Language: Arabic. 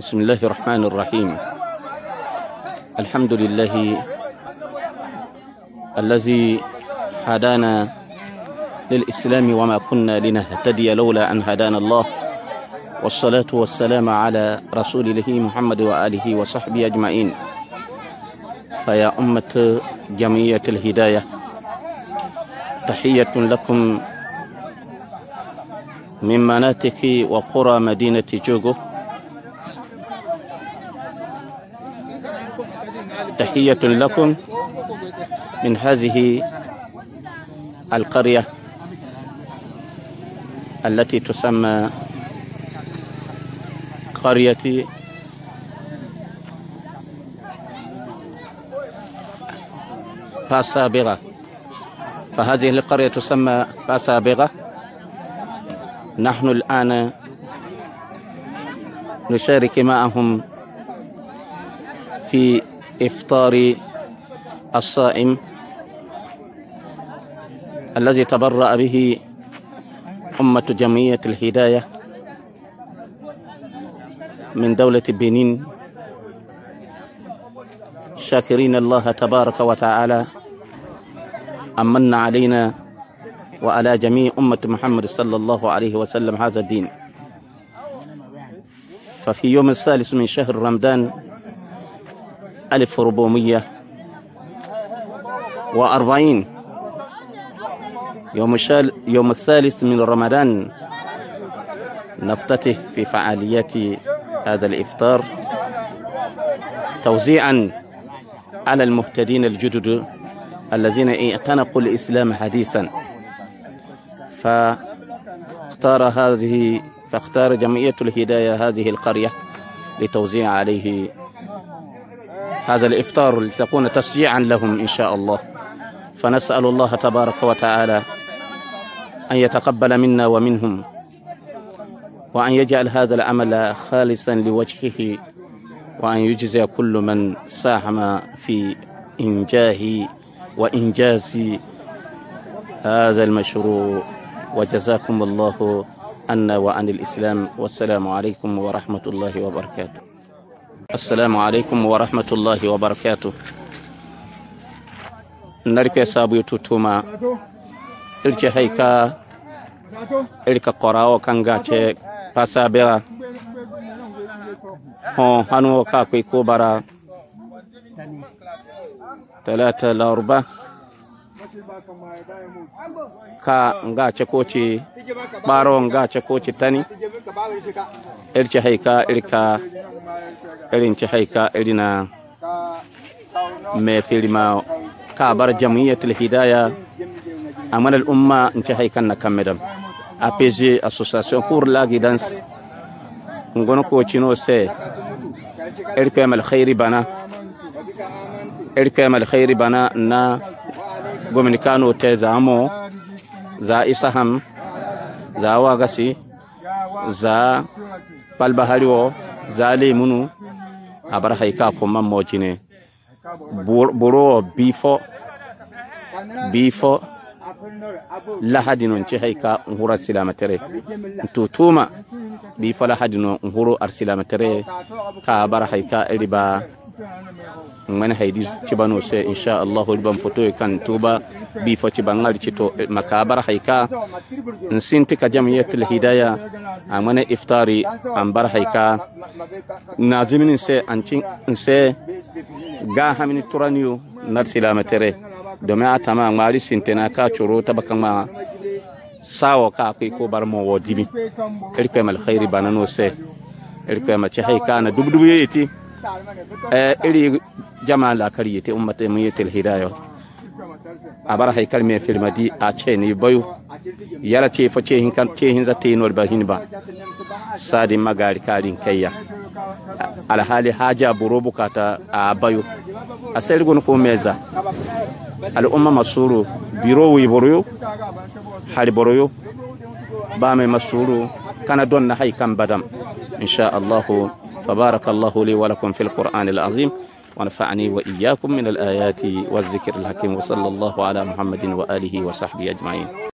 بسم الله الرحمن الرحيم الحمد لله الذي هدانا للإسلام وما كنا لنهتدي لولا أن هدانا الله والصلاة والسلام على رسول الله محمد وآله وصحبه أجمعين فيا أمة جميع الهداية تحية لكم من مناطق وقرى مدينة جوجو تحية لكم من هذه القرية التي تسمى قرية فاسابغة فهذه القرية تسمى فاسابغة نحن الآن نشارك معهم في إفطار الصائم الذي تبرأ به أمة جمعية الهداية من دولة بنين شاكرين الله تبارك وتعالى أمن علينا وعلى جميع أمة محمد صلى الله عليه وسلم هذا الدين ففي يوم الثالث من شهر رمضان 1440 يوم الشال يوم الثالث من رمضان نفتته في فعاليات هذا الإفطار توزيعا على المهتدين الجدد الذين اعتنقوا الإسلام حديثا فاختار هذه فاختار جمعية الهداية هذه القرية لتوزيع عليه هذا الإفطار لتكون تشجيعا لهم إن شاء الله فنسأل الله تبارك وتعالى أن يتقبل منا ومنهم وأن يجعل هذا العمل خالصا لوجهه وأن يجزي كل من ساهم في إنجاه وإنجاز هذا المشروع وجزاكم الله عنا وعن الإسلام والسلام عليكم ورحمة الله وبركاته السلام عليكم ورحمة الله وبركاته نركي سابيو توتوما إلكي هيكا إلكا قراو كانغاتي فاسابرا هون هانو كاكوي كوبرا ثلاثة لأربعة ka nga ce ko ce baronga ɓarowo ga cakoci el irci haika irka irinci haika irina mai filma kabar jam'iyyatul hidaya amal al'umma nci haikan na kammedam apg association pour la guidance ngono ko kocino se el irpem alkhairi bana el irpem alkhairi bana na gomini kano te zamo za isa ham za wagasi za palbahari wo za lemunu abar haika kuma mojine buro wo bifo bifo lahadi hay ka haika nhuro arsilamatere tutuma bifo lahadi n nhuro arsilamatere ka hay ka eriba من هيدي تبانو سي إن شاء الله لبن فتوي كان توبا بيفو تبان غالي تتو مكابر حيكا نسينتك جمعية الهداية أمن إفطاري أمبر حيكا نازمين نسي أنتين نسي غاها من الترانيو نرسلا متري دومي أتما مالي سنتنا كا چورو تبكا ما sawa ka kai ko bar mo wodibi irpe mal khairi banano se irpe ma ci hay kana dubdubu yeti Eh, eh, iri jama la kariye te ummata mun yetel hidayo abara hay kalme filmadi a ce ni yala ce fa ce hin kan ce hin zate nor ba hin ba sadi magari karin kayya alhali haja buro bukata a bayu a sai rigon ko meza al'umma masuru biro wi boroyo hari boroyo ba mai kana don na badam insha Allah فبارك الله لي ولكم في القرآن العظيم ونفعني وإياكم من الآيات والذكر الحكيم وصلى الله على محمد وآله وصحبه أجمعين